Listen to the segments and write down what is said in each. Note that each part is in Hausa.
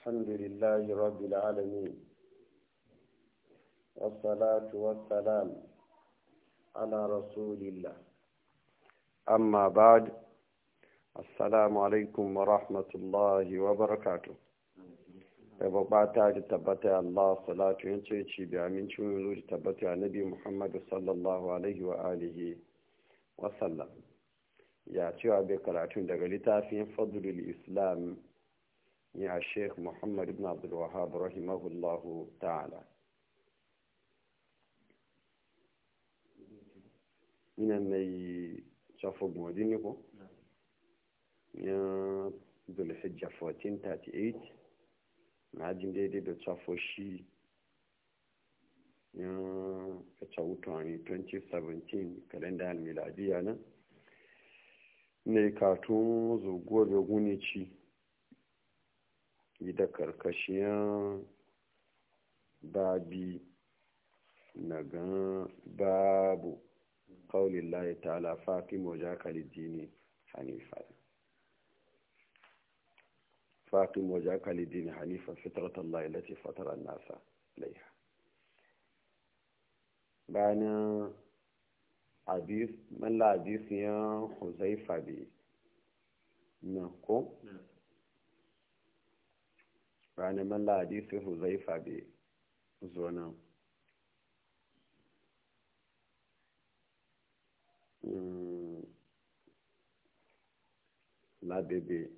الحمد لله رب العالمين والصلاة والسلام على رسول الله أما بعد السلام عليكم ورحمة الله وبركاته yabo bata da tabbata Allah salatu yin ce ci bi amincin yanzu da tabbata annabi Muhammad sallallahu ba wa alihi wa sallam daga littafin fadlul islam Ni a sheikh muhammad ibn abdul wahab rahimahullahu ta'ala ina mai tsofa godi ne ko? ya dulhijja 1438 na ajin daidai da tsofa shi ya kacce wutane 2017 kalendar miladiya na ne katon zogowar ya gune ci da karkashin babi na gan babu kawulin layi ta alafa fi moja kalidini hanifa faƙi moja kalidini hanifa fitratar layi lati fatarar nasa laiha bayanin malla abisiyan huzaifa bai na ko? ranar la hadisi huzaifa bai zo nan hmm. labebe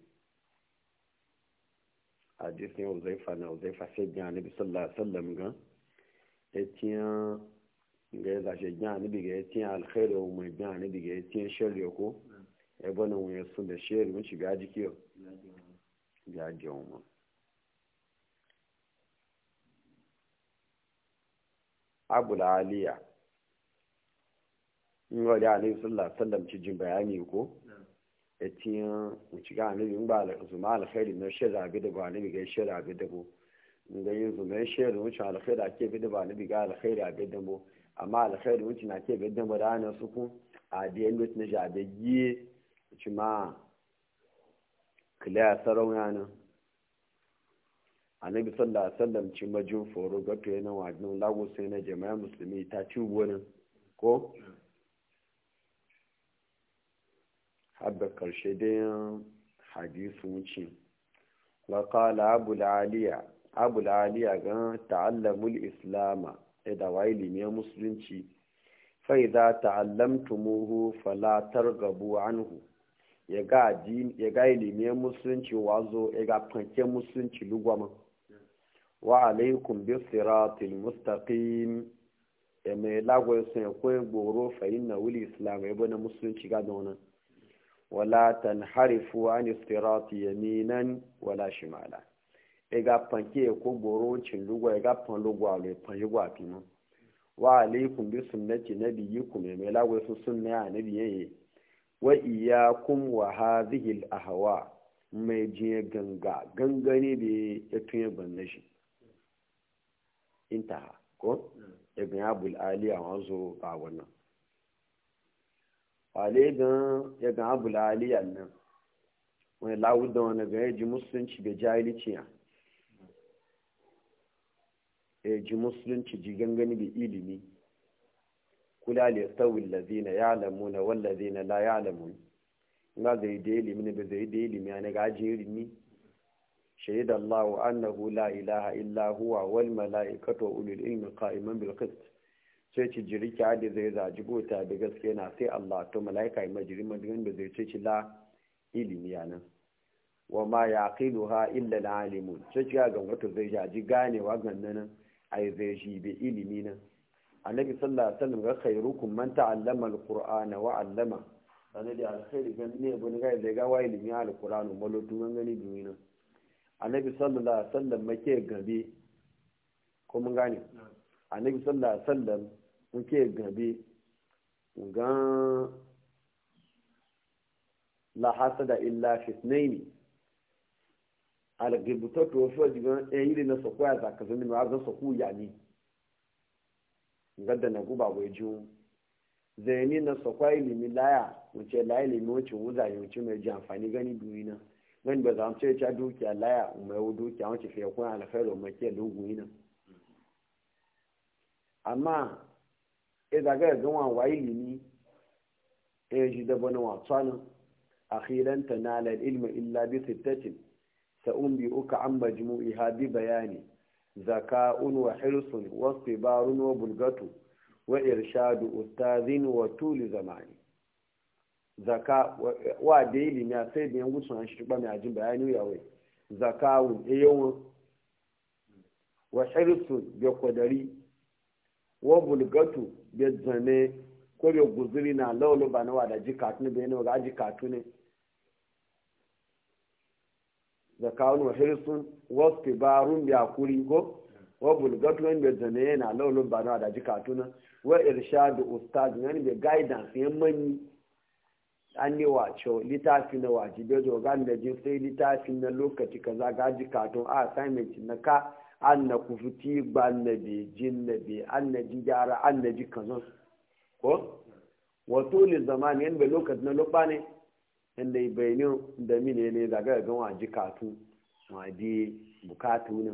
hadisin huzaifa na huzaifa sai biya nabi sallallahu alaihi wasallam gan etiyan ga ya zashe biya nabi ga etiyan alkhairu wa mai biya nabi ga etiyan shari'a ko ebonin hmm. wuyar sun da shari'a mun ci biya jikiyo biya jiyan mu abul aliya in wani alaihi sallallahu sallam ci jin bayani ko ya ci wuce ga annabi in ba zuma alkhairi na shi rabi da ba annabi ga shi rabi da ko in ga yin zuma shi da wuce alkhairi ake bi da ba annabi ga alkhairi a bi da bo amma alkhairi wuce na ke bi da ba da ana suku a da yin wuce na jabe yi wuce ma kila sarauna nan annabi sallallahu alaihi wasallam ci majin foro ga to na wajen lagu sai na jama'a musulmi ta ci gonin ko habba karshe da hadisu wuce wa qala abu aliya abu aliya ga ta'allamul islama da wayi limiyar musulunci fa idza ta'allamtumuhu fala targabu anhu ya ga ilimin musulunci wazo ya ga fanke musulunci lugwaman wa alaikum bi siratil mustaqim e mai lagwai sun ko goro fa inna wuli islam ya e bana musulunci ga da wannan wala tanharifu an sirati yaminan wala shimala e ga panke e ko goro cin lugo e ga pan lugo ale pan yugo apinu wa alaikum bi sunnati nabiyikum e me mai lagwai sun sunna nabiye wa iyyakum wa hadhihi al ahwa me jiye ganga gangane da ya tuye banna shi intaha ko mm. ibn abul ali a wanzu a wannan wale gan ya gan abul ali nan wani lawuda wani gan ya ji musulunci bai jahilici ya e ji musulunci ji gangani bai ilimi kula da yastawil lazina ya'lamuna wal lazina la ya'lamun nga zai da ilimi ne bai zai da ilimi ne ga ajin ilimi شهد الله أنه لا إله إلا هو والملائكة وأولو العلم قائما بالقسط sai ci jiri ki adi zai zaji bota da gaske na sai Allah to malaika yi majiri madigan da zai ce ci la ilimi a nan. wa ma yaqiluha illa alalimun sai ci ga wato zai jaji ganewa gannan ai zai shi bi ilimi nan annabi sallallahu alaihi wasallam ga khairukum man ta'allama alqur'ana wa 'allama sanin da alkhairi gan ne bun ga da ga wa ilimi alqur'anu malo tun gani duniya annabi sallallahu alaihi wasallam muke gabe ko mun gane annabi sallallahu alaihi wasallam muke gabe ga la hasada illa fitnaini algibto to so digan eh ile na sokoya zaka zan ma zan soku ya ni ngadda na guba wai ju zaini na ile limi laya wuce laile limi wuce wuza yuci mai ji amfani gani duniya nan ba za mu ce ta dukiya laya mai dukiya wacce fiye kuna alkhairu mai ke lungu yi nan amma e zaga ya wa ilimi e da shi dabo na a akhiran ta na alal ilmi illa bi sittatin ta umbi uka an majmu'i iha bi bayani zaka'un wa hirsun wasu stibarun wa bulgatu wa irshadu ustazin wa tuli zamani zaka wa daily ilimi a sai da yan gutsun an shi mai ajin bayani yawai zaka wun e yawan wa hirsun da kwadari wa bulgatu da zane ko da guzuri na laulu ba na wada ji katuni bai ne ga ji katuni zaka wun wa ba wa stibarun a kuri ko wa bulgatu da zane na laulu ba na wada ji katuni wa irshadu ustaz yani da guidance yan manyi an yi wacewa littafi na wace da jogan da jin sai littafi na lokaci kaza ji katon a assignment na ka an na ku fiti ba na be jin na be an na ji gyara an na ji kazan ko wato ne zama yan yadda lokaci na lokpa ne inda ibaini da mine ne da ga waji katon waje bukatu ne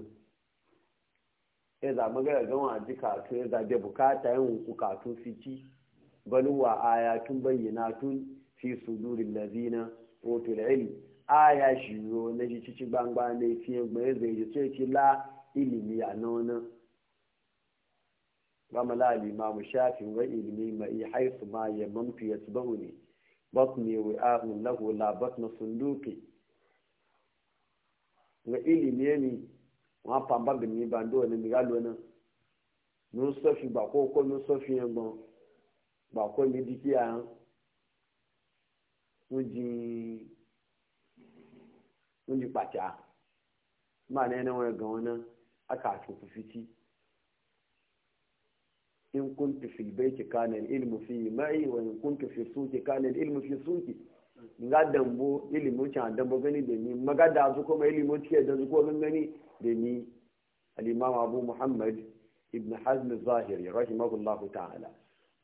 ya zama ga ga waji katon ya e zabe bukata yin e ku katon fiti baluwa bayyana tun. fi sudurin lazina otul ilm aya shiro na ji cici gbangba na fi egbe eze ji so ci la ilimi a nona gama la mu shafi, wa ilimi yi haisu ma ya mamfi ya tubahu ne batni wa ahun lahu la batna sunduki ga ilimi ne wa pamba gbemi ba ndo ne mi ga lo na nusofi gbakoko nusofi yẹn gbọn gbakoko mi dikiya yẹn. wọ́n jí pàtà máa ní ẹni wọ́n gan ọ́nà akàtún kò fi tí in kuntu fi baiti kana ilmu fi ma'i wa in kuntu fi suki kana ilmu fi suki nga dambo ilimin can dambo gani da ni magada su kuma ilimin cike da su ko gani da ni al abu muhammad ibn hazm zahiri rahimahullahu ta'ala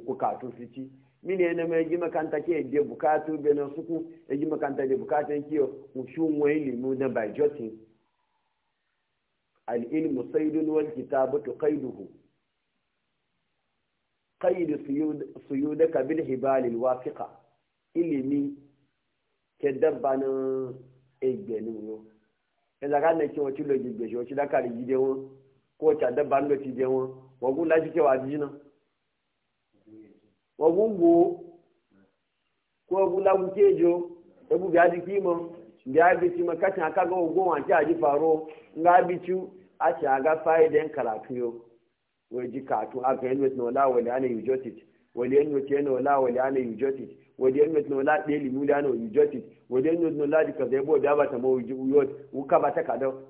ku katu fici mini yana mai gima kanta ke de bukatu na suku ya ji makanta da bukatun kiyo mushun wani mu na by jotin ilmu saidun wal kitabu tu qaiduhu suyud suyudaka bil hibal al wafiqa ilimi ke dabba na egbenu yo ila ka ne ki o ti lo jigbe o ti da kari jide won ko ta dabba ndo ti je won wogun laji ke wa jina wagungo ko bula kujejo ebu bi adi kimo bi kimo kati aka ga ogo wa ti aji faro nga bichu acha aga faide en karatuyo weji katu aka en wet no la wali ana you jot it wali en no la wali ana yu'jotit. jot it wali no la deli mu la no you jot it wali no la di ka debo da ba ta mo yot u ka ba ta ka do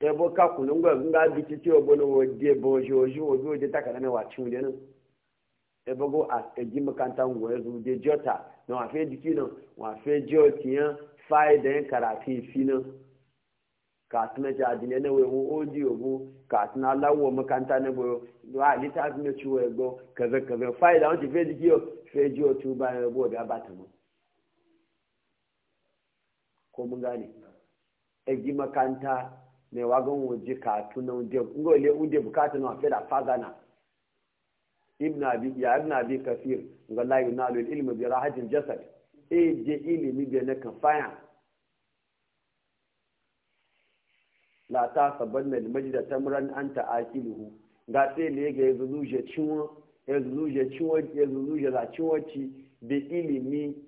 ebo kakulun gwa nga biti ti obo no wodie bo joju obi oje takana na wachu de no ebo go as eji makanta ngwa ezu de jota no afi diki no wa fe jotian fai de karati fi no katina ja adine na we wo odi obo katina lawo makanta ne bo do ali ta azme chu ego kaza kaza fai da onti fe diki o fe jotu ba ebo da batamo ko mun gane eji makanta mai wagon waje ka tuna katuna ngole ude bukatun wa fada fagana ibn abi ya ibn abi kafir ga la yunalu ilmu bi rahajin jasad e je ilimi bi na kan faya la ta sabanna al majda tamran anta akiluhu ga te ne ga yuzuje e je yuzuje yazu yuzuje la ciwo ci bi ilimi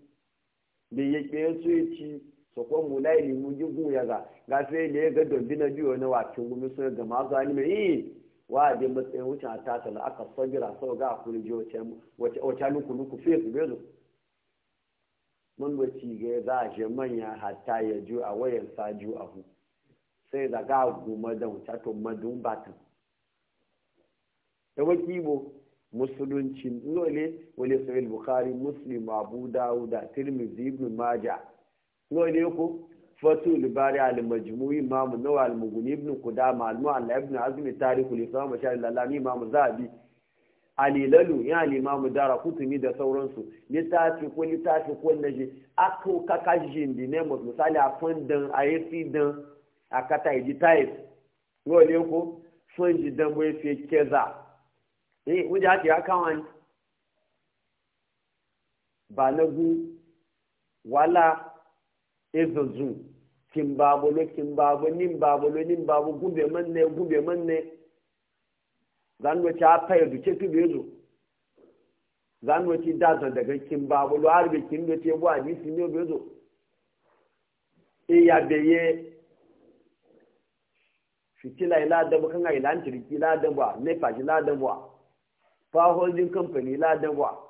bi yake yuzuje e ci so ko mu lai ni mun jugu ya ga ga sai ya ga don bina biyo na wakin gumi so ga ma ga ni mai wa de matsayin wuce a tata la aka sabira so ga ku ji wace wace wata luku luku fe su bezo mun ci ga za a je manya hatta ya ju a wayan ju a hu sai da ga guma da wuce to madun batan da wakibo musulunci nole wale sahih bukhari muslim abu dawuda tirmidhi ibn majah ne ko fatul bari al majmu'i mamu nawawi al mughni ibn qudama al mu'alla ibn azm tarikh al islam sha al mamu zabi alilalu ya limamu dara kutumi da sauran sauransu littafi ko littafi ko naje aka kaka jindi ne misali a fundan a yi fi dan a kata yi type ne ko fun ji dan bai fi keza eh wuje ake aka wani ba na gu wala ezozu kimbabolo kimbabo nimbabolo nimbabo gube manne gumbe manne zanwa ci apa yadu ce tu bezo zanwa da daza daga kimbabolo har be kimbe ce bu hadisi ne bezo e ya beye fitila ila da kan ga ila antiriki ila da ba ne faji ila da ba fa holding company ila da ba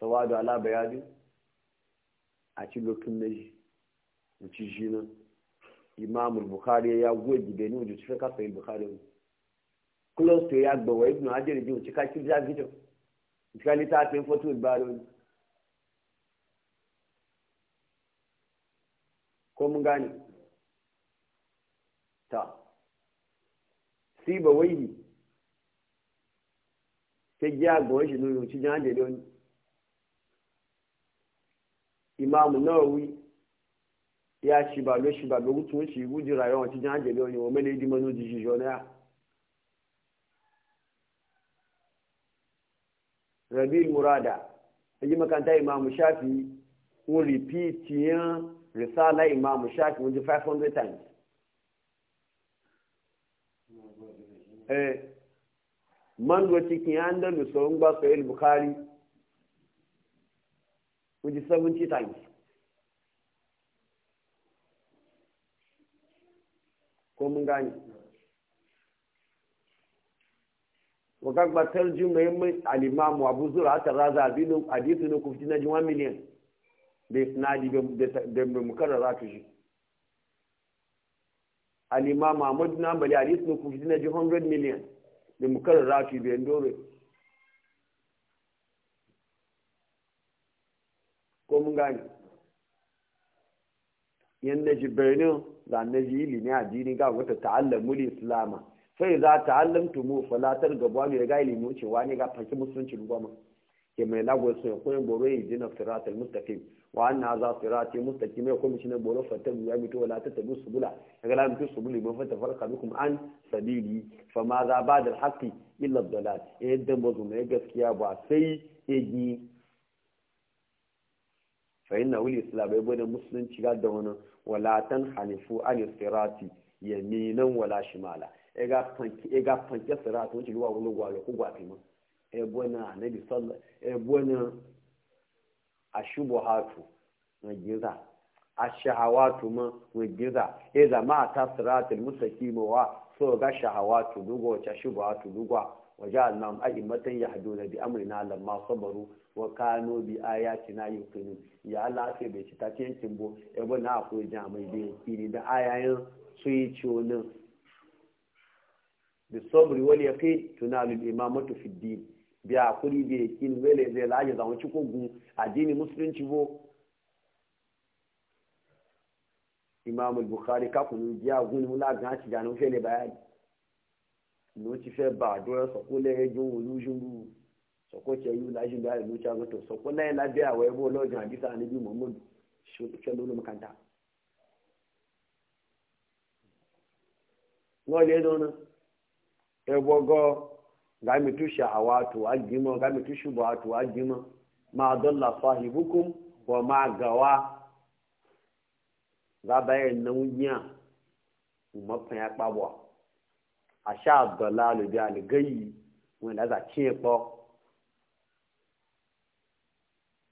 sawadu ala bayani a ci lokin na ji wuci shi nan imamul bukhari ya goyi gibe ni wuce cikin kasa yi bukhari close to ya gbawa ibn hajjari ji wuce kakin ja gijo cika littafin foto ibaroni ko mun gani ta siba wai ta gya gbawa shi nuna wuce jan hajjari wani imam nawawi ya shi ba lo shi ba lo gutun shi guji rayuwa ci jan jebe oni o mele di manu di rabi murada yi makanta imam shafi un repeat yan risala imam shafi un 500 times eh man do cikin an da so ngba so el bukhari with the 70 times. Ko mun gani. Wakakbatar jumayin alimamu abu zura aka raza abinu hadisu na kufti na Be miliyan be sinadi da mukarrara ta shi. Alimamu Ahmadu Nambali hadisu na kufti na ji 100 miliyan da mukarrara ta shi be ndore. ko mun gani yanda jibril na ji ilimi jini ga wata ta'allamu islama sai za ta'allamtu tumu falatar gaba mai ga ilimi wuce ne ga fanki musulunci goma ke mai lagos sun koyin boro yi jina siratul mustaqim wa na za sirati mustaqim mai kuma boro fatar ya mito wala ta tabu bula daga lamfi su subuli mafi fata farqa an sabili fa ma za ba da haƙƙi illa ad-dalal yadda mai gaskiya ba sai egi fa'in na wuli islabai bude musulunci ga da wani walatan hanifu an sirati yaminan wala shimala e ga fanke sirati wuce ruwa wani gwalo ko gwafi ma e bona anabi sallallahu e bona ashubuhatu na giza ashahawatu ma wa giza e zama ta siratul mustaqima wa so ga shahawatu dugo ta shubuhatu dugo waje annam a'immatan yahduna bi amrina lamma sabaru wa kano bi ayati na kunu ya Allah sai bai ci ta yankin bo e bo na ko jamai da yakini da ayayin sai wani bi sabri wal yaqin tunalu al imamatu fi din bi akuri bi yakin wele zai laje zamu ci ko gun addini musulunci bo imam al-bukhari ka kunu jiya gun mula gan ci janu fele bayani no ci fe ba do so ko le ejun olujun sọ̀kọ́ tí ẹ̀yú lájú bá ìlú chagoto sọ̀kọ́ náà lábẹ́ àwọ̀ ẹ̀bọ́ ọlọ́jọ́ àdìsá níbi mohammed ṣẹlẹ̀ olómọkàntà. wọ́n lé lọ́nà ẹ̀bọ́gọ́ gàmìtú ṣàwà àtò àjìmọ́ gàmìtú àtò àjìmọ́ máa dọ́là fa ìbùkún wọ́n máa gà wá. bàbá ẹ̀ náwó yíyàn ìmọ̀pẹ̀yà pàbọ̀ àṣà àgbọ̀lá lòdì àlẹ́gẹ́yì wọn ìlàjà tiẹ̀ pọ̀.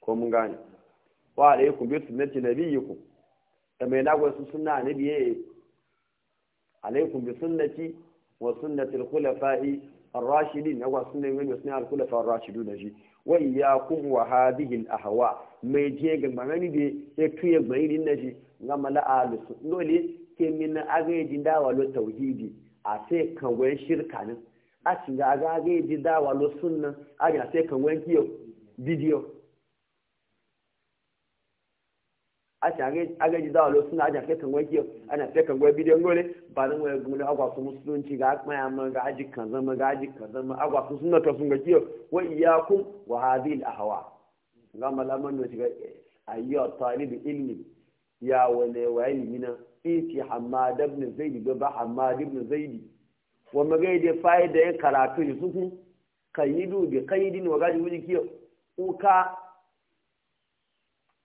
ko mun gane wa alaikum bi sunnati nabiyikum da mai nagwa su sunna nabiye alaikum bi sunnati wa sunnati al-khulafa'i ar-rashidin nagwa sunna ne ne sunna al-khulafa ar-rashidun ji wa iyyakum wa hadhihi al-ahwa mai je ga manani be ya tuye gbairi ji ngama la su dole ke min din dawa lo tauhidi a sai kan wayan shirka nan a shiga din dawa lo sunna a sai kan wayan kiyo bidiyo aga ji dawa lo suna aja fekan kiyo ana kan gwai bidiyon gole ba zan waya gumi da su musulunci ga akmaya ma ga aji kan zama ga aji kan zama agwa suna ta sun ga kiyo wa iyakun wa hadhihi a hawa ga malaman da shiga ayyo talib ilmi ya wane wa ilmina iti hamad ibn zaidi ga ba hamad ibn zaid wa magaide faida ya karatu su kun kayidu bi qaidin wa gaji wuji kiyo uka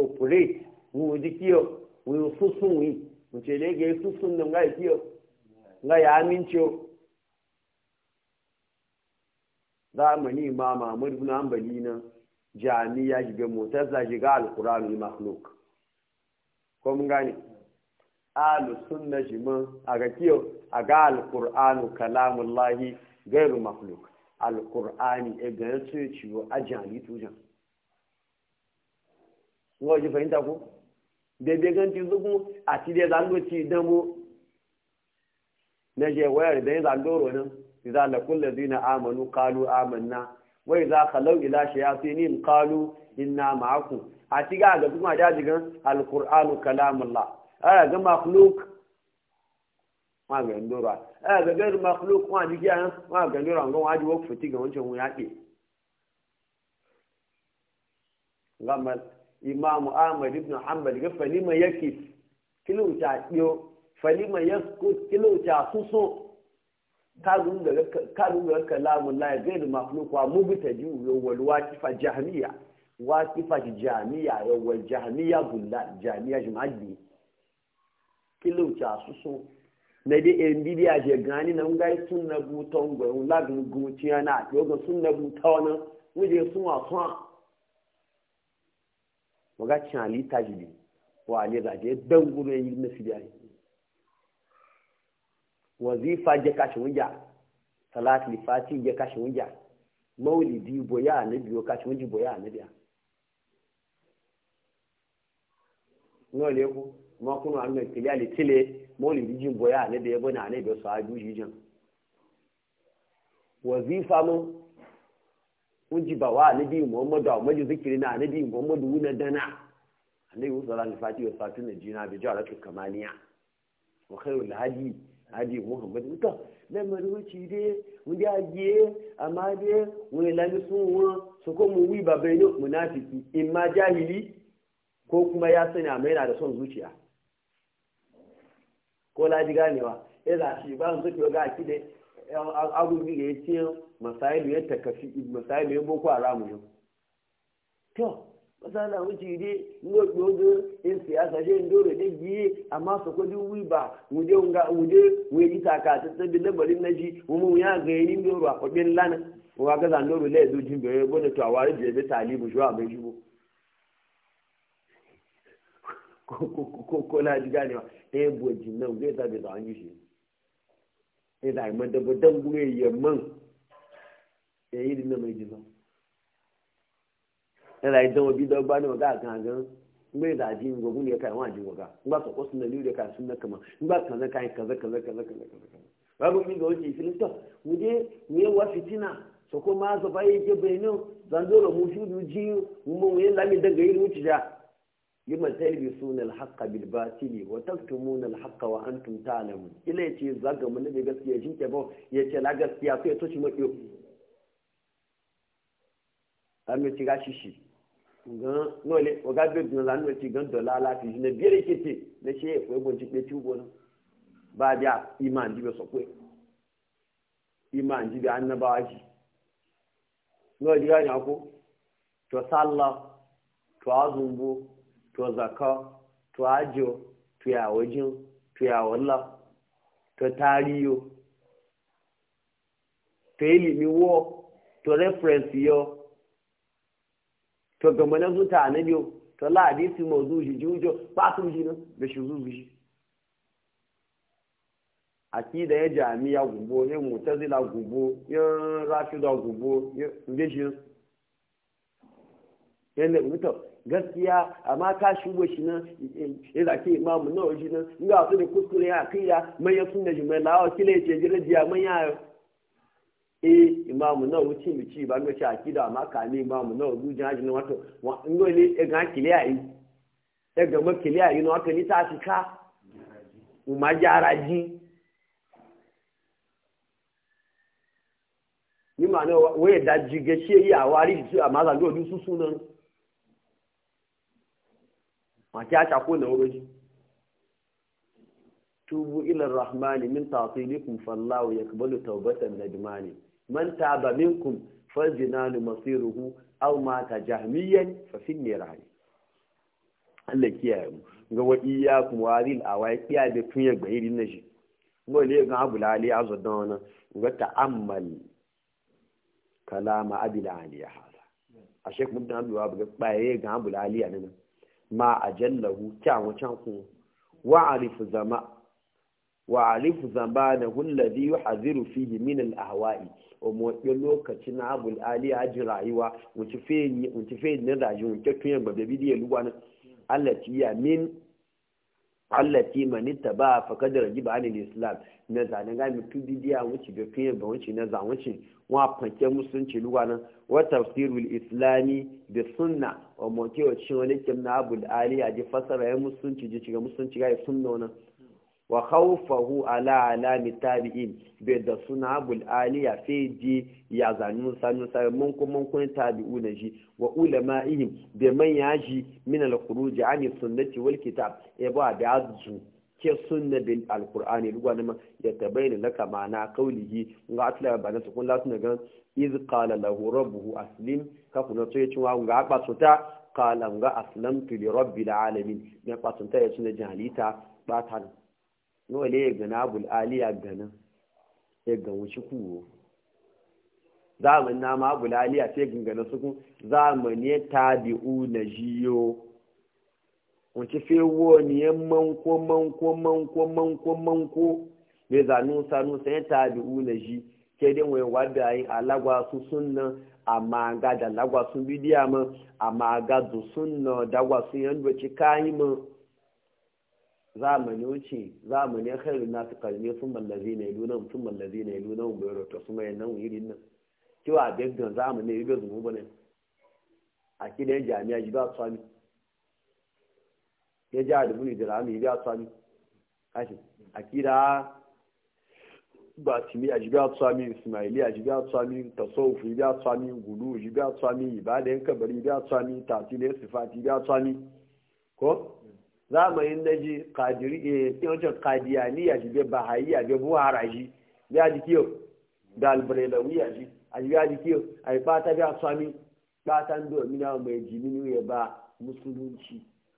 operate wọn ò di kí mu wọn ò súnsún yìí wọn ti lè gẹ súnsún náà nga ìkí ọ nga yà á mí tí ambali na imam ahmad ibn hanbali na jami'a shiga mutazza shiga alqur'anul makhluq ko mun gane ahlu sunna jima a ga kiyo a ga alqur'anu kalamullahi ghairu makhluk alqur'ani e ga yace ciwo ajali tujan wọ́n ti fẹ̀yìntà kú bẹ̀bẹ̀ gan ti zógún àti ilẹ̀ lálọ́ ti dánwó nẹ́jẹ̀ wẹ́rẹ̀ bẹ́yìn lálọ́rọ̀ náà ìdá lẹ́kúnlẹ̀ dínà àmàlú kálú àmàlá wọ́n ìdá kàlọ́ ìlà ṣe á ní kálú iná màákù àti gá imamu ahmad ibn hanbal ga falima yake kilauta ɗiyo falima ya kilauta suso kalun ga kalamun laye zai da makulukwa mubita ji yawal wakifa jami'a wakifa jami'a yawal jami'a gulla jami'a jima'i kilauta suso na dai yan bidiya je gani na ngai sun na buton na yoga buta wuje waga cin ali jini wa ne zaje dan guru ya yi na fi biya wazifa je kashe wunja salat lifati je kashe wunja maulidi boya na biyo kashe wunji boya na biya ngo le ko ma kuno an mai kilali tile maulidi jin boya na biya bana ne biyo sahabi jin wazifa mu wuji ba wa anabi muhammadu a maji zikiri na anabi muhammadu wuna dana anabi musa ala fati wa fati na jina bi jawa rakin kamaniya wa kai wula hadi hadi muhammadu ta lamarin wuce dai wani ajiye amma de wani lami sun wa su ko mu wi ba bai ne munafiki in ma jahili ko kuma ya sani amma yana da son zuciya ko laji ganewa ya shi ba su ke ga akide abubuwa ya ce masailu ya takafi masailu ya boko haramu yau to masala wuce ide ngo dogon in siyasa shi yin dole da giye amma su ko din wi ba mu je nga mu je we ta tabi lamarin na ji wuma wuya ya ga yin ndoro ko kwabin lana wa ga zan dole laye zo jin be bo da tawari je be talibu jo abai jibo ko ko ko ko la diga ne e bo jin na u ge ta yi shi ila madaba dan gure yamman ya yi dinna mai jizo ila idan wabi da ba ne waga kan gan mai da ji ngo mun ya kai wa ji ba so kosun da liure ka sunna kama ba ka kai kaza kaza kaza kaza kaza babu mi ga wuce filistin mu je mu wa fitina so ko ma zo bai ke bai ji mu ja lima talbisuna alhaqqa bil batili wa taktumuna alhaqqa wa antum ta'lamun ila yace zaga mun da gaskiya shi ke ba yace la gaskiya sai to shi mabiyo amma ci gashi shi ga nole o ga be dun lanu ci gan dola la fi ne bire kete ne she ko ko gonci pe tubo no ba dia iman be so ko iman dibe annabawa ji no diga nya ko to sallah to azumbu to zaka to ajo to ya wajin to ya walla to tariyo to ilimi wo to reference yo to gama na zuta na yo to la hadisi mawzu shi jujo ba su shi nan da shi zuzu shi akida ya jami'a gubo ya mutazila gubo ya rafida gubo ya ndeshi ya ne mutum gaskiya amma ka shigo shi nan ya zaki imamu na waje nan in ga da kuskure ya kira manya sun da jimai lawa kila ya ce jira jiya manya ya e eh, imamu na wuce mu ci ba mace akida amma ka ne imamu na waje jin hajji na wato in dole ya ga kiliya yi ya ga ma kiliya yi na wato ni ta fi ka umma jara ji ni ma na waye da jigashe yi a wari su amma zan do dusu sunan wake aka kone wuri tubu ilar rahmani min tatilikum fallahu yakbalu taubatan najmani man taba minkum faljinalu masiruhu aw mata jahmiyan fa fi nirani Allah kiyaye mu ga wa iyyakum waril awai kiya da tun tunya gbairi na shi ngo le ga abu lali azo dona ga ta'ammal kalama abil aliya hada a shek muddan abu ga baye ga abu lali anan ma ajallahu kyawu can ku wa alifu zama wa alifu zama na hulladi yuhadhiru fiye min al'ahwa'i o mo pe lokaci na abul ali aji rayuwa wuci fiye na fe ne tuyen wuci tun yan babe bidiye allati ya min allati man ittaba faqad rajiba ne islam na zane ga mutu bidiya wuce da fiye ba wuce na za wuce wa fanke musulunci luwa nan wa tafsirul islami da sunna wa moke wa cikin wani kim na da ali a ji fasara ya musulunci ji ciga musulunci ga sunna wannan wa khawfahu ala alami tabi'in be da suna abu ali ya fe ji ya zanu sanu sai mun kun mun kun tabi'u na ji wa ihim be man yaji min al-khuruj an sunnati wal kitab e ba da azu ke sunna bil alqur'ani ruwa ne ya tabayyana laka ma'ana qawlihi ga atla ba na sukun lasu ne gan iz qala lahu rabbuhu aslim ka kuna to ya cinwa ga ba sota qala ga aslamtu li rabbil alamin ne ba sun ya sunna jahalita ba ta no le ga na abul aliya gana ya ga wuci kuwo zamanin na ma abul aliya sai gangana sukun zamani tabi'u na jiyo wunci fi wo ni yan manko manko manko manko manko bai za nusa nusa ta bi una ji? ke dai wani wada yi alagwa su sunna amma ga da lagwa bi bidiya ma amma ga du sunna wa su yan ci kayi ma zamani wuce zamani ya khairu nas qalmi sun mallazi na ilu sun mallazi na ilu nan bai rota su mai nan yirin nan kiwa a bai gan zamani yi ga zumu bane a kidan jami'a ji ba su ya ja da buni da rami ya tsami kashi akida ba timi a jibiya tsami ismaili a jibiya tsami tasawuf jibiya tsami gudu jibiya tsami ibada yan kabari jibiya tsami tatil ya sifati jibiya tsami ko zamanin na ji kadiri eh yawancin kadiyani a bahayi ji ya ji kiyo da albrelawi ji a ji kiyo a yi fata fatan domin mai jimini ya ba musulunci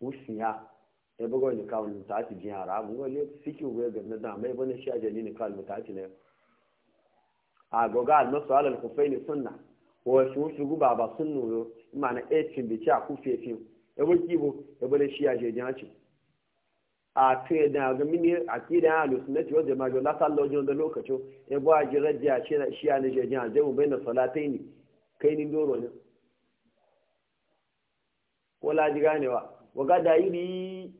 wusiya ya bugo ni kawo ni taati jin haramu ngo le fiki we ga na da mai bane shi ajali ni kawo taati ne a goga al masal al khufain sunna wa shi wusu guba ba sunnu yo imana e etin bi cha ku fi e bo kibo ya bane shi ajali jin haci a tuye da ga mini akida al sunnati wal jamaa la lasa jin da lokaci e bo ajira jiya shi na shi ajali jin haci mu bayna salataini kai ni doro ne wala ji ganewa waga da iri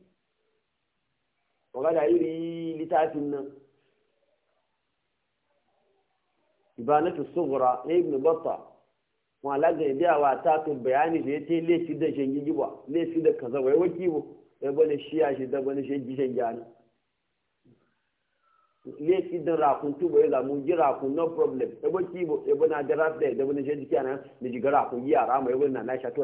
waga da iri littafin nan ibanatu sughra na ibn batta wa laga biya wa ta to bayani da yace lefi da shangi giwa lefi da kaza wai waki bo ya bane shiya shi da bane shi gishan gani lefi da rakun tu bai la mu no problem ya bo kibo ya bana da rafe da bane shi dikana da jiga rakun na sha to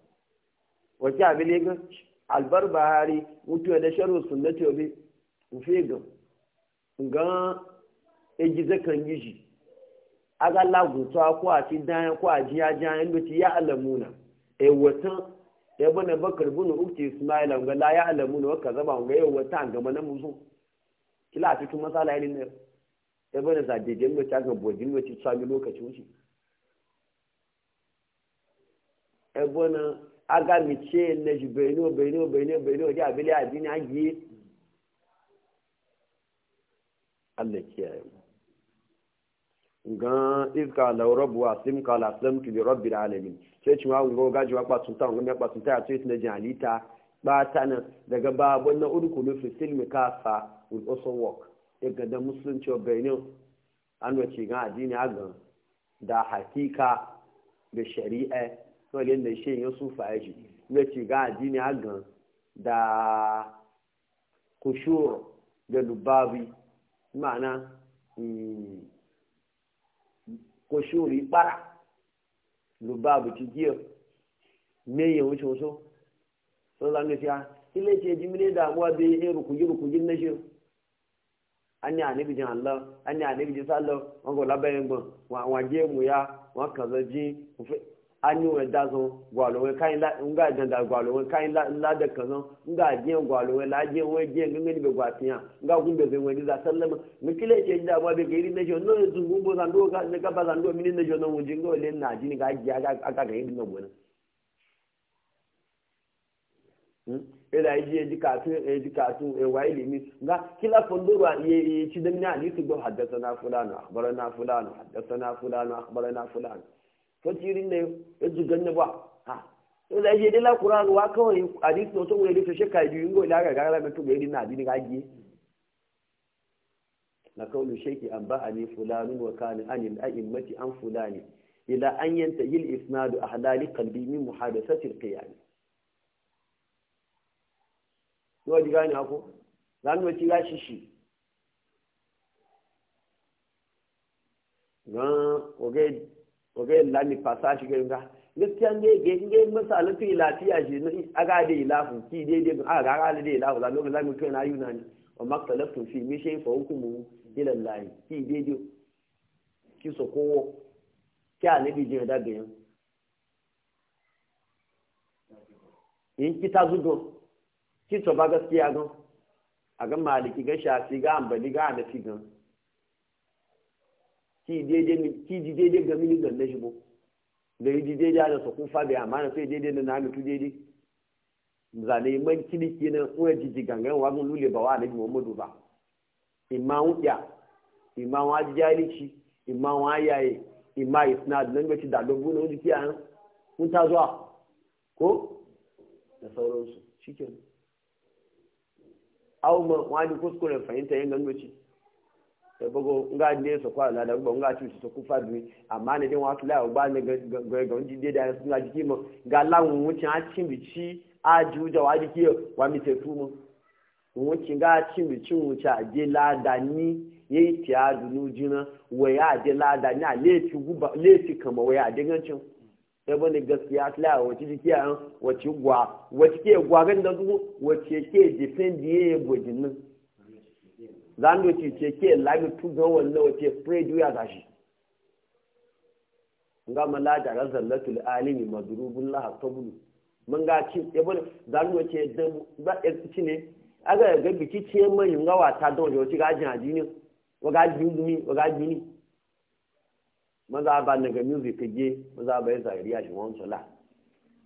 wace abin ne ga albar bahari mutuwa da sharo sharu sunnati obi ufe ga gan eji zakan gishi aga lagutuwa ko a ci dayan ko a jiya jiyan da ci ya alamuna e watan ya e bane bakar bunu ukti ismaila ga la ya alamuna wa kaza ba ga yau e watan ga mana musu kila a cikin masala yin ne ya e bana zajeje mu ta ga bojin mu ci tsami lokacin shi e bana aga tse ne ju beno beno beno beno ɔdi abili adi ni ayi kiyaye gan iska la rabu asim ka la aslam tu bi rabbil alamin sai cin wọn go gaji wa kwatsun ta ngam ya kwatsun ta sai na jalita ba ta nan daga babon na urkulu fi silmi kafa will also work daga da musulunci bayanin an wace ga addini agan da hakika da shari'a wọ́n lè lè ṣe èèyàn sùn fàáyé jù méjì gáàdì ní àgàn dáa kò ṣòro pẹ̀lú báwí màánà kò ṣòro ìpara ló bá àbùtí díẹ̀ mẹ́yìn òun ṣoṣo sọ́dọ̀ láńgbé sí a ilé ṣe jí mílíọ̀nù dààmú àbí erukunjí erukunjí ní a ní àníbìjì àlọ́ a ní àníbìjì sálọ wọn kò gbọ̀n wọn àwọn ya wọn kàn jí òfin. an yi wa dazon gwalowe kayan la'in ga janda la kayan la'in lada kazan nga jiyan gwalowai lajiyan wai jiyan gangan bai gwatiya nga kun bai zai wani za sallama mu kile ce da ba bai bo zando ga ne gaba zando mini na jono wujin ga wale na jini ga jiya ga aka ga yidin na gona ila yi ya ji e nga kila ci na na fulano akhbarana na fulano fasirin da ya zugan ne ba ha to da dai dila qur'an wa kawai hadisi to wuri da shi kai biyu ngo ila ga gara to gari na bi ga ji na kaulu sheki an ba ani fulanun wa kana al a'immati an fulani ila an yanta al isnad ahlali qalbi min muhadathati al qiyam ji diga ni ako dan wa ci gashi shi ga oge ga yalla ni fasa shi ga yunga gaskiya ne ga inge masa lafi lafiya shi na aga da ilahu ki dai ga aga aga da ilahu la lokacin zamu kai na yuna ne wa maktalaftu fi mi shay fa hukumu ila allah ki dai ki so ko ki anabi je da ga yan in ki ta zugo ki so ba gaskiya ga a ga maliki ga shafi ga ambali ga da gan ki dede ga mini ganna shi bo da yi dede da su kun fabe amma na sai dede da na tu dede zane man kiliki na uwa jiji gangan wa mun lule ba wa alaji muhammadu ba imma wuya imma wa jalici imma wa yaye imma isnad nan bace da dogo na wuji kiyan mun ta zuwa ko da sauransu shikenan au ma wani kuskuren fahimta yin gangaci bogo nga ne so kwa la bogo nga chu so ku fadu amma ne din wa kila o ba ne ga ga ndi de da nga jiki mo ga la mu chi a chi bi a ju da wa jiki wa mi te fu mo mu chi mu cha je la da a du ya je la da ni a le ti guba le ti kama we ya de gancin sai bane gaskiya kila wace jiki ke gwa ganin zando ci ce ke lagi tuzo wannan wace spray duya za shi nga mala da razallatul alimi madrubun laha tabulu mun ga ci ya bane zando wace da ba ya ci ne aga ga biki ce mai nga wata don yo ci ga jin jini wa ga jini wa ga jini maza ba ga music ke maza ba ya zariya shi wan sala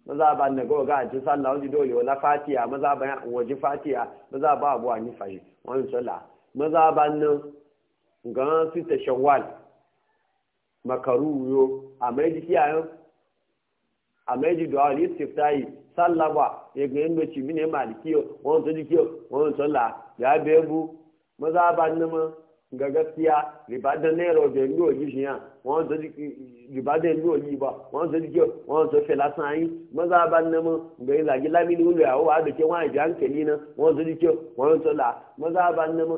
maza ba na ga ji sallah wani dole wala fatiha maza ba waje fatiha maza ba abuwa ni fashi wan sala maza ban nan gan sita shawwal makaru yo a mai a kiyayen a mai ji da wani istiftayi sallaba ya ga yadda ci mine malikiyo wani to jikiyo wani to la ya bebu maza ban nan ma ga gaskiya riba da naira da yanzu oji shi yan wani to riba yi yanzu oji ba wani to jikiyo wani to fela yi maza ban nan ma ga yi zagi lamini ulo yawo a da ke wani ji hankali na wani to jikiyo wani to la maza ban nan ma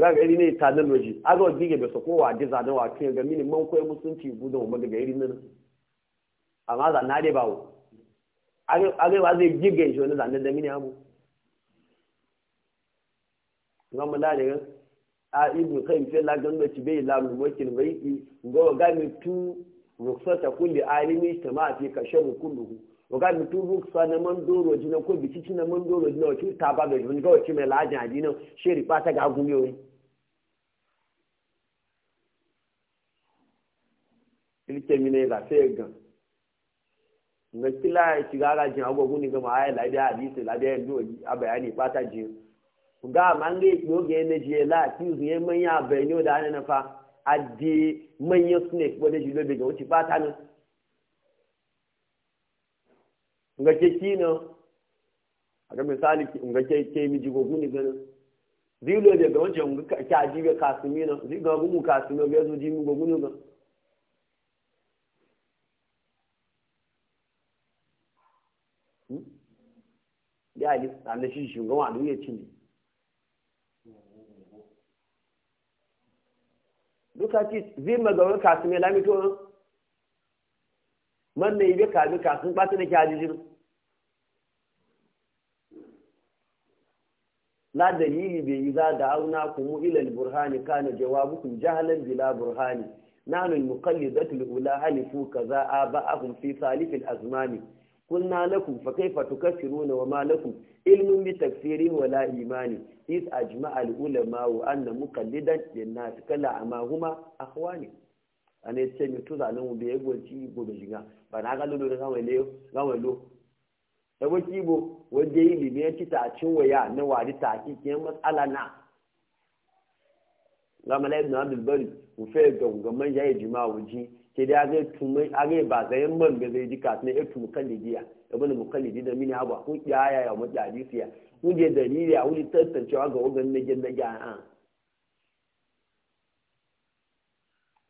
ga iri ne ta nan waje a ga wajen gaba su kowa ji zane wa tun ga mini man koyi musulunci budan wa ga iri nan amma za na dai ba wo a ga ba zai gigan shi wani zanen da mini amu ga mu lade ga a ibnu qayyim fi la gan ci bai la mu wakil bai go ga mi tu ruksata kulli alimi tama fi kasharu kulluhu oga mi tu bu sa na man doro jina ko bi cici na man doro jina o ci ta ba be ni ko ci me la jan jina sheri pa ta ga gumi o il termine e la fe gan nga kila ci ga ga jina go guni ga ma ai e la da hadisi la da ndo abayani pa ta jina ga mange yoge ne je la ti zu ye manya be nyo da ne na fa adi manya snake wala jilo be ga wuci pa ta ne nga ke kina aga misali nga ke ke mi jigo guni gana dilo de ga wancan nga ka ka jibe kasumi na zi ga gumu kasumi ga zo jimi go guni ga hmm? ya ni an shi shi ga wa duye cin duka ci zi ma ga kasumi la mi to man na yi kafin kafin ɓata da kyari jiru na dalili bai yi za da auna kuma ilal burhani kana jawabukun jahalar bila burhani na nun mukalli da tulula halifu kaza za a ba a kun azmani kunna na laku fa kai fa na wa malaku ilmin bi tafsirin wala imani is ajma al ulama wa anna mukallidan lin nas kala amahuma akhwani ane tse mi tó zanu wo bi egbo ti igbo do ba na aga lolo ne gawe le gawe lo ebo ti igbo wo de yi bi mi ti ta chin wo ya ne wa di ta ki ki masala na la mala ibn abdul bari wo fe ga ga man ya ijma wo ji ke da ga tu mai aga ba ga yan man ga zai dika ne etu mu kan diya ebo ne mu kan diya mini haba ku ya ya ya mu ya di siya ku je dalili a wuri tantancewa ga wagan ne gen na ga an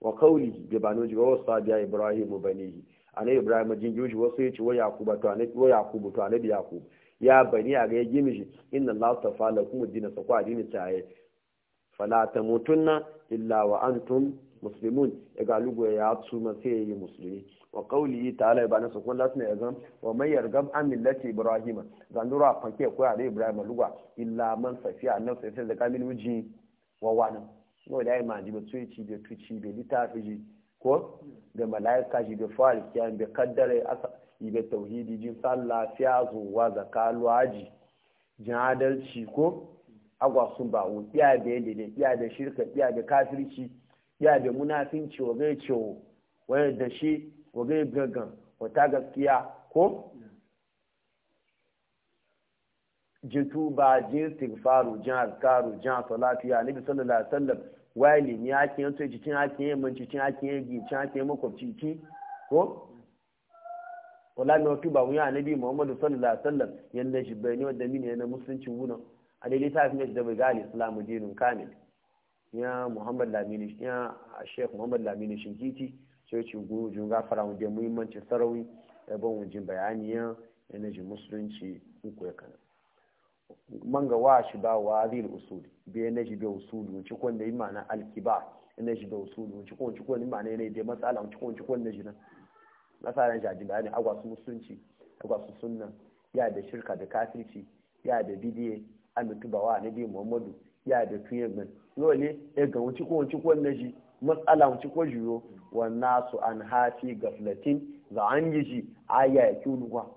wa kauli bi banu ji wa sabiya ibrahim banihi Ana ibrahim jin juji wasu yace wa yakuba to anai wa yakubu to anai yakub ya bani a ga yaji mishi inna allah tafala kum dinu sa kwa dinu taye fala tamutunna illa wa antum muslimun ga lugo ya tsu ma sai yi musulmi wa qawlihi ta'ala ba na sokon lati na yazan wa man yargab an millati ibrahim zandura fanke ko ya ibrahim Lugwa, illa man safiya nan sai sai da kamil wuji wa yau da ma maji ba su da tuci da littafi ji ko da mala'ika ji da fari kiyan da kaddare asa yi da tauhidi jin sallah fiya zuwa zaka luwaji jin adalci ko agwa sun ba wu iya da yadda da iya da shirka iya da kafirci iya da munafinci wa gai cewo wani da shi wa gai gaggan wata gaskiya ko jitu ba jin istighfaru jin azkaru jin salati ya nabi sallallahu alaihi wasallam wali ni ake yin to cikin ake yin mun cikin ake yin gi cikin ake makwabci ki ko wala ne wato ba ya nabi muhammadu sallallahu alaihi wasallam yanda shi bai ne wanda mini yana musulunci wuna a daidai ta fi da bai gali islamu dinin kamil ya muhammad lamini ya sheikh muhammad lamini shinkiti sai ci guru jun gafara wanda muhimmancin sarawi da ban wajin bayani ya na musulunci uku ya kana man ga wa shi ba wa zil usul be na shi be usul wuce kon da imana alkiba na shi be usul wuce kon kon imana ne da matsala wuce kon kon na shi nan masalan jadi bayani agwa su musulunci agwa su sunna ya da shirka da kafirci ya da bidiye amintu ba wa nabi muhammadu ya da tuye gan lole e ga wuce kon kon na shi matsala wuce ko juyo wannan su an hafi gaflatin za an yi shi aya ya kyuluwa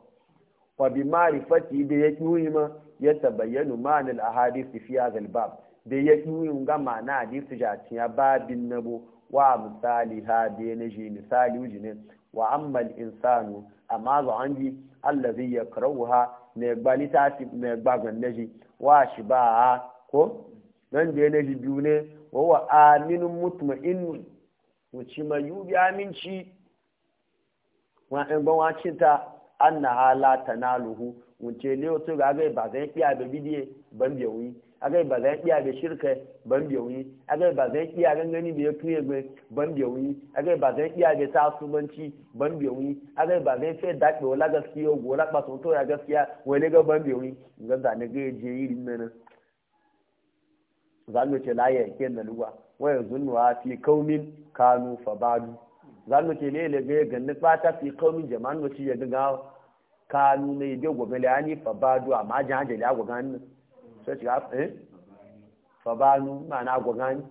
wa bi marifati da ya kyuyi ma ya tabayyanu ma'anil ahadith fi hadha al-bab da ya yi ga ma'ana hadith jatiya babin nabo wa misali ha ne ji misali ne wa amma al insanu amma zo anji allazi ya ne mai ti ta mai ne ji wa shi ba ko dan da ne ji biyu ne wa wa aminin mutuma'in wuce mai yubi aminci wa in eh, gwanwacin ta an na hala na luhu Wuce ne wato ga agai ba zai kiya da bidiye ban biya wuyi agai ba zai kiya da shirka ban biya wuyi agai ba zai kiya gangani da ya tuye e gwe ban biya wuyi agai ba zai kiya da tasubanci ban biya wuyi agai ba zai fe da wala gaskiya gora ba sun to ya gaskiya wani ga ban biya wuyi ga da ne ga e je yi nan za mu ce laye ke na luwa waya e zunnuwa fi kaumin kanu fa badu za mu ce ne le ga ganni fata fi kaumin jama'an mu ci ya ga kanu na ibe le ani fabadu a majin ni so ti shiga eh fabanu ma'ana agwagani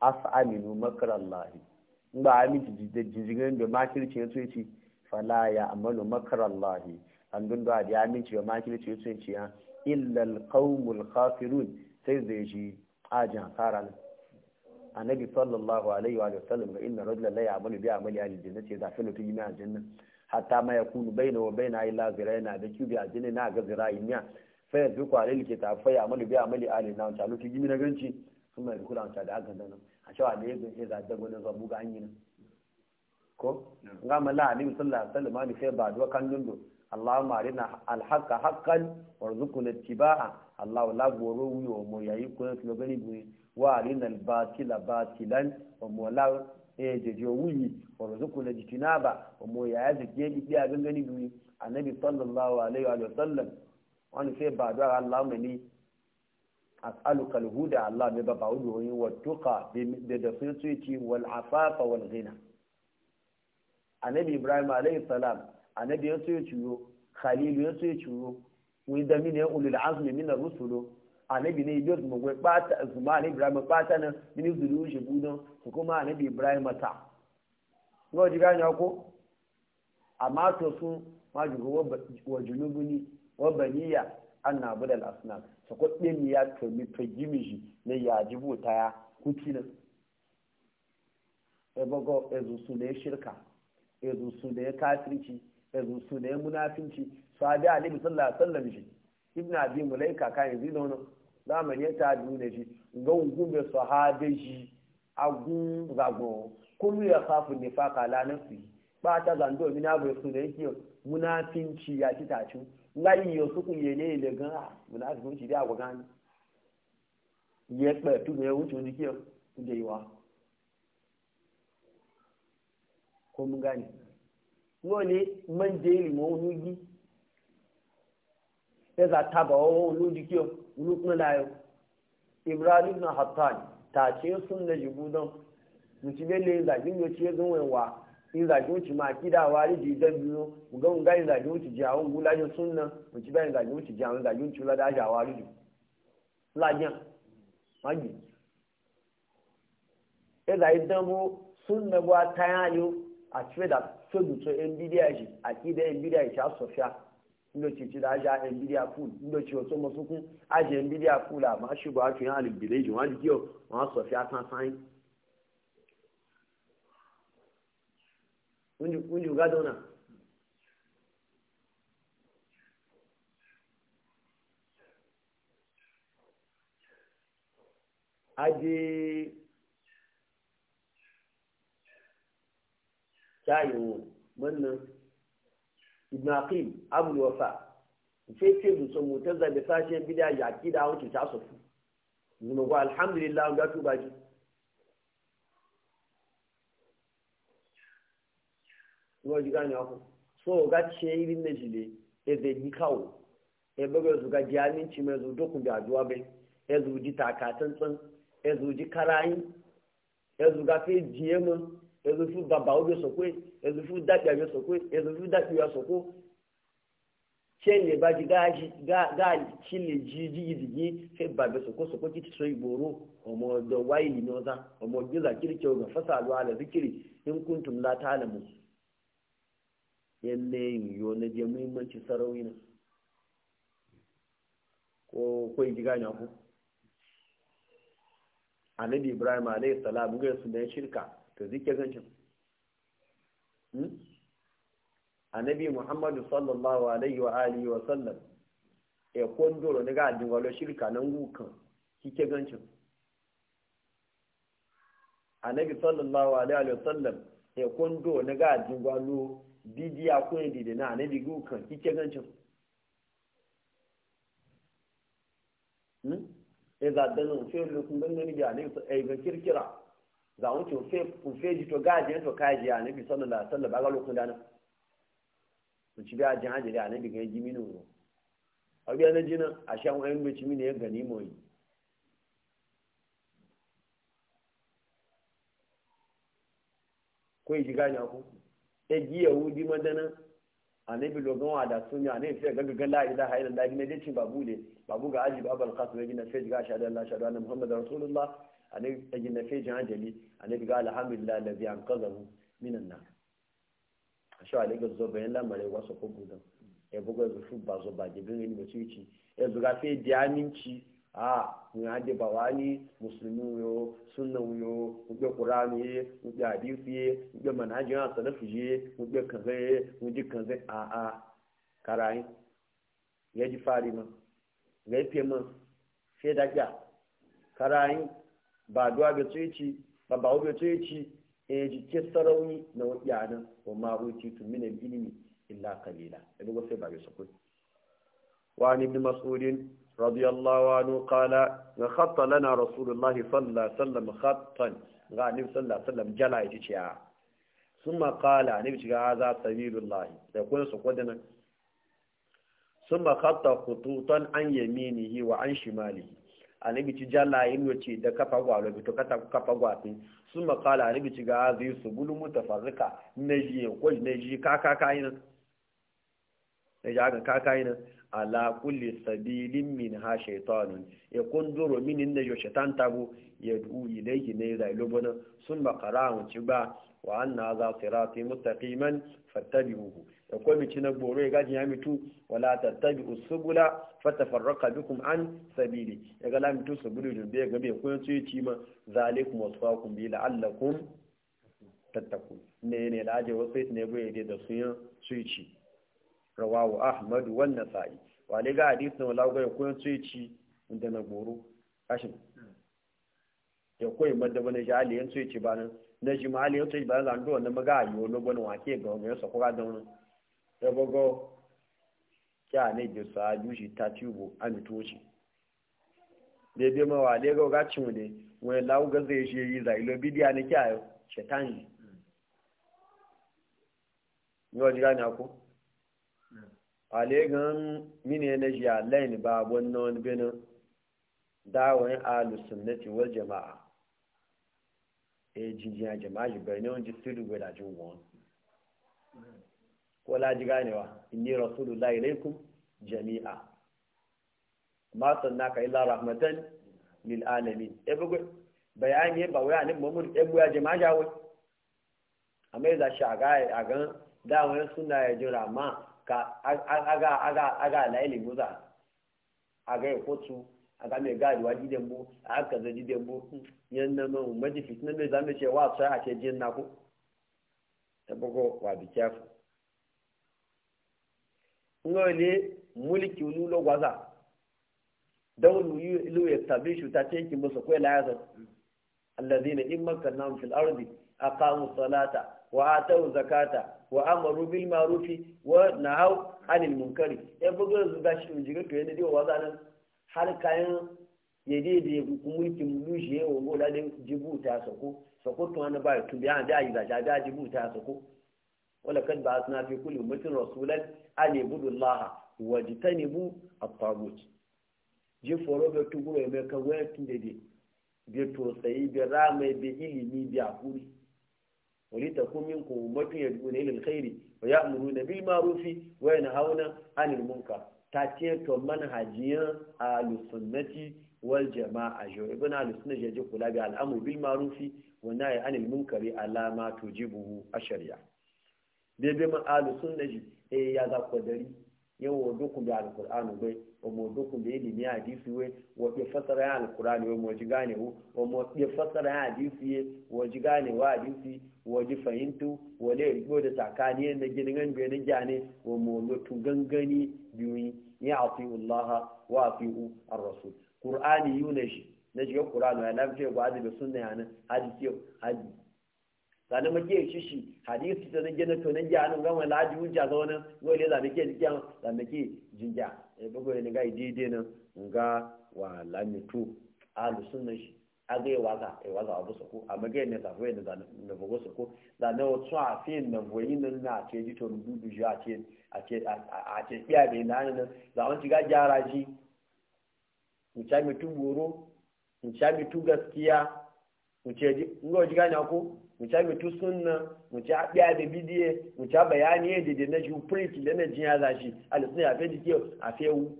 as'aminu makarallahi ba a miki da jijirin da makirci ya tsoye ci fala ya amalu makrallahi an dun da ya minci da makirci ya tsoye ci ya illal qaumul khafirun sai zai ji ajin hasara annabi sallallahu alaihi wa sallam ga inna rajulan la ya'malu bi amali ahli jannati idza fala tu yima jannah hatta ma yakunu bainahu wa bainaha illa zira'ina da kubi ajini na ga zira'in ya fa yadku alil kitab fa ya'malu bi amali ahli na ta lutu yima ganci sun mai kula ta da aka nan a cewa da yake sai da dago na zabu ga anyi ko ga mala annabi sallallahu alaihi wa sallam sai ba duwa kan dundo اللهم أرنا الحق حقا وارزقنا اتباعه الله لا غورو ويوم يعيب كنا تلغني بوين wa arina albatila batilan wa mola eh jeje wuyi wa ruzukuna jitinaba wa mo ya ya jeje bi a gangani duni annabi sallallahu alaihi wa sallam wani sai ba da Allah mai ni as'aluka alhuda Allah mai baba wuyo wa wattuqa da da sun suci wal afafa wal ghina annabi ibrahim alaihi salam annabi ya so ya ciyo khalilu ya so ya ciyo mini ya ulul azmi min ar-rusulu annabi ne yau zuma gwai bata zuma ne ibrahim bata nan mini zuru shi budon su kuma annabi ibrahim ta ngo ji gani ko amma to su ma ji go wa ni wa baniya abu da lasuna su ko ɗin ya tomi mi to gimi shi ne ya ji bota ya kuci nan e bogo ezu su ne shirka ezu su ne kafirci ezu su ne munafinci sahabi annabi sallallahu alaihi wasallam shi ibn abi mulaika kan yanzu da wannan zamani ya tadu da shi ga ha de shi a gun zagon kullu ya kafu nifaka la nafsi ba ta zando min abu su da yake munafinci ya ci tacu ngai yo su ku yele le ga ah, munafinci da gwa gani ye pe tu me wuce ni kiyo de yiwa ko mun gani ni man je ilimo nugi ya za taba o lu di ulukun layo ibrahim na hatan ta ce sun da jibu don mutu bele zagin da ce zan wewa in zagin wuce ma kida wari ji dan biyo mu ga mun ga in zagin wuce jawon gulajin sunna mutu bele zagin wuce jawon zagin wuce la da jawari ji lajan magi e da idan bo sunna bo ta yayo a ce da so du so en bidiya ji akida en bidiya ji a sofia ndoci ci da aja en bidia pool ndoci o somo sukun aja en pool a ma shugo atu yan ali village wan di o wan fi atan aje chayo wannan ibn aqil abul wafa sai ce du so mutar da sashe bid'a ya kida wuce ta so zuma go alhamdulillah ga tu baji wo ji gani ako so ga ce irin ne jile e de nikawo e bugo su ga jami'in ci mai zo dokun da aduwa bai e zo ji takatantsan e zo ji karayin e zo ga fe jiye mun ezufu baba obe sokwe ezufu dapia obe sokwe ezufu dapia soko chenye baji gaji gaji chile jiji yidigi fe babe soko soko kiti so iboro omo yi waili noza omo giza kiri ke na fasa alu ala zikiri in kuntum la ta'lamu yalle yo na je muhimmanci sarawi na ko ko idiga nya ale annabi ibrahim alayhi salam ga su da shirka to zike zancin hmm? annabi muhammadu sallallahu alaihi wa alihi wa sallam e kondoro ni ga dingolo shirka nan gukan kike A annabi sallallahu alaihi wa sallam e kondo ni ga dingolo bidiya ko dide na annabi gukan kike gancin hmm e da dan sai lokun dan ni ga ne e ga kirkira za a ce ufe ji to gaji to kaji ya nabi sallallahu alaihi wasallam ga lokacin da nan ci biya jin hajjiri a nabi ga ji ne wuro a biya na jina a shan wani mai ci ne ya gani mu yi ko yi ji gani ku e ji yahudi madana a nabi logan wa da sun ya yi fiye gaggaga la ilaha illallah ne dai cin babu ne babu ga aji babu alqasim ya gina fiye ga shahadu allah shahadu da muhammadu rasulullah annabi tsaji na fejin ajali annabi ga alhamdulillah kaza mu minan na nar ashe wa lagos zo bayan lamarin wasu ko gudan ya buga zufu ba zo ba gibin ne ba cici ya zuga fe di aminci a mun hade ba wani musulmi yo sunnan yo mugbe qur'ani ye mugbe hadisi ye mugbe manhajin salafi ye mugbe kaza ye ji kaza a a karai ya ji fari ma ga ife ma fe da kya karai ba duwa bai tsaye ci ba ba bai tsaye ci e ji ke sarauni na wani yanar wa maruti tun mina ilimi illa kalila wasu ba wa ni bi masudin radiyallahu anu kala na khatta lana rasulullah sallallahu alaihi wasallam khattan ni sallallahu alaihi ya ci za da su an yaminihi wa an annabi ci jalla yin wace da kafa gwalo bito kata kafa gwafi sun makala annabi ci ga zai su bulu mutafarrika na ji kwaj na ji kaka kayin na ji aka kaka yin ala kulli sabilin min ha shaitanun ya e kunduro min na jo shaitan tabu ya e du ilayhi ne da lobana sun makara mu ci ba wa anna za sirati mustaqiman uku. da kwamici na goro ya gajin ya mitu wala tattabi usubula farraka bikum an sabili ya ga lamitu subulu da bai gabe ko yace ci ma zalikum wasfaqum bi la'allakum tattaqun ne ne laje wasai ne bai da da su ci rawahu ahmad wan nasa'i wale ga hadisin wala ga ko yace ci inda na goro kashin ya koyi madda wani jali yan ci ba nan na jimali yan suici ba nan zan do wannan maga ayo no bon wake ga wannan sakura da wannan ya bago kya ne ji saju shi ta tubo a mitoci daidai mawa ne gacin wani wani lauga zai shi yi za ilo bidiya ne kya yau shaitan yi wa jira ne ako ale gan mini ne ji alaini ba wannan benin dawon alusunnati wal jama'a e jinjina jama'a ji bai ne gwada jin wani ko laji ganewa inni rasulullahi ilaikum jami'a ma sannaka illa rahmatan lil alamin e bugu bayani ba wai anin mun e buya jama'a jawo amma e za shaga a aga da wani suna ya jira ma ka aga aga aga laili buza aga ya kotu aga mai gari wa jiden bu a aka za jiden bu yan nan mun maji fitna mai zamu ce wa sai a ce jin na ku e bugu wa bi careful ki mulki lulo gwaza dawlu lu yastabishu ta ce ki musu kai lazar alladhina in makkannahum fil ardi aqamu salata wa atau zakata wa amaru bil ma'rufi wa nahaw anil munkari e bugo zuga shi mun jiga to di diwa wazanan har kayan yede de mulki muluje wo gola de jibuta sako sako to an ba to ah, biya da ayi da jibuta sako ولقد بعثنا في كل أمة رسولا أن يعبدوا الله واجتنبوا الطاغوت je foro be tuguro me ka wetin de de be to sai be rame be ilimi be akuri wali ta kun minkum ummatu yad'una ila alkhair wa ya'muruna bil ma'ruf wa yanhauna 'anil munkar ta ce to manhajiyan al-sunnati wal jama'a kula bi al-amru bil ma'ruf wa nahy 'anil munkari alama bebe ma alu sunna ji e ya za ko dari yau wa dukun da alqur'anu bai o mo dukun da ilimi hadisi we wa be fasara ya alqur'ani we mo ji gane hu o mo be fasara ya hadisi ye wa ji gane wa hadisi wa ji fahimtu wa le rigo da takani ne ginin an be ne gane wo mo tu gangani biyu ya afi atiullaha wa atiu ar-rasul qur'ani yunaji naji qur'anu ya lafiya ba da sunna ya yana hadisi hadisi zane make shi shi hadisi ta na gina tonan giya nan gama laji hujja ga wani wani zane ke jikiya zane ke jikiya ya bugu ne ga daidai nan nga wa lamitu alu sunna shi aga ya waza ya waza abu sako amma ga ne zafi ne na da bugu sako zane wa tsuwa fi na voyi nan na ce ji to dudu shi a ce a ce a ce iya bai na nan zaman shiga gyara shi mu ca mutum goro mu ca mutum gaskiya mu ce ji ngo ji gane ko mu ca mitu sunna mu ca biya da bidiye mu ca bayani ya dide na shi print da na jiya za shi alisun ya fe dike a fewu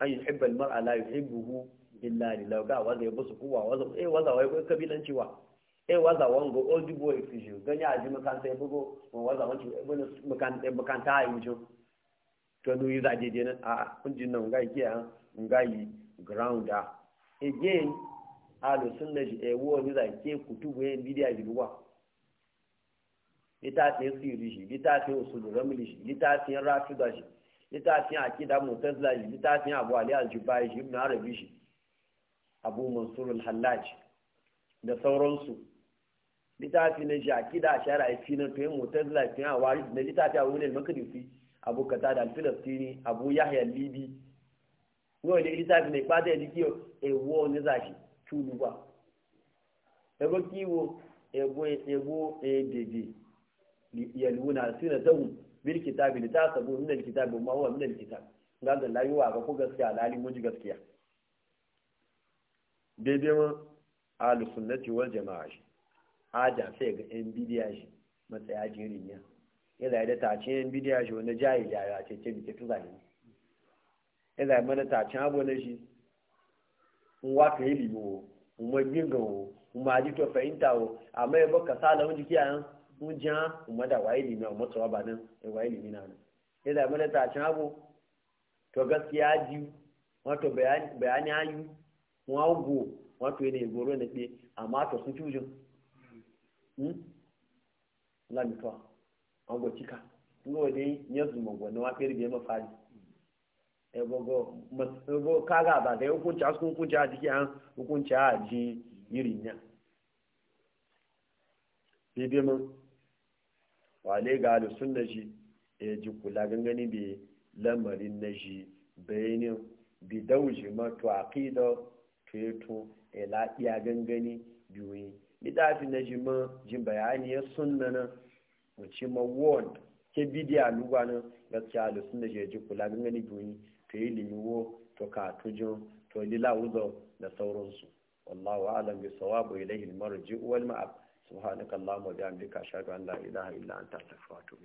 an yi hibbal mar'a la yuhibbuhu illa lillah lauka wanda ya busu kuwa wanda eh waza wai kai kabilanci wa eh waza wango old boy fishu ganya ji makanta ya bugo mu waza wanci ibn makanta ya ayi jo to nu yi za dede na a kunjin nan ga ga yi a. again alu sunna ji ewo eh, ni za ke kutubu yin bidiya jiruwa litafin siri shi litafin usulun ramili rafi da rafiga shi ti akida mutazila shi litafin abu ali aljubai na ibn arabi shi abu mansur al-hallaj da sauransu ti na shi akida shara ifi na tuyin mutazila fi a wari da litafin abu ne makadisi abu kata da alfilastini abu yahya libi wani litafin na ipata ya dikiyo ewo eh, ni za shi túlùwà ẹgbẹ́ kí wo ẹgbẹ́ èdèdè yẹ̀lú na sí na zahun bil kitabi da ta sabu min al kitabi ma huwa min al kitab ga da layuwa ga ko gaskiya lali mun ji gaskiya daidai ma ahlus sunnati wal jamaa shi aja sai ga yan bidiya shi matsaya jirin ya yana da tace yan bidiya shi wanda jayi jaya ce ce bi ke tuza ne a mana tace abu ne shi nwa ka yi libo in magin gawo in ma ji to fahimta wo amma ya baka sala jiki a yan mun ji ha in ma da waye limi a matsawa ba nan ya waye limi na nan ya zaɓi na tacin to gaskiya ji wato bayani ayu wọn go wato yana igoro na pe amma to sun cujin hmm? lamitowa an gwacika ne yanzu magwani wa ɗaya da ya mafari ebogo kaga ba da hukunci asu hukunci a jiki an hukunci a ji yirin ya bibi mun wale ga alusun na shi ya ji kula gangani bi lamarin na shi bayanin bi dauji ma to aqida to ya lafiya gangani biyu littafin na shi ma jin bayani ya sunna na mu ci ma ward ke bidiya lugwa na gaskiya alusun na shi ya ji kula gangani biyu to ilimi wo to katujin to lilawuzo da sauransu wallahu alam bi sawabu ilayhi al-marji'u wal ma'ab subhanakallahumma wa bihamdika ashhadu an la ilaha illa anta astaghfiruka wa atubu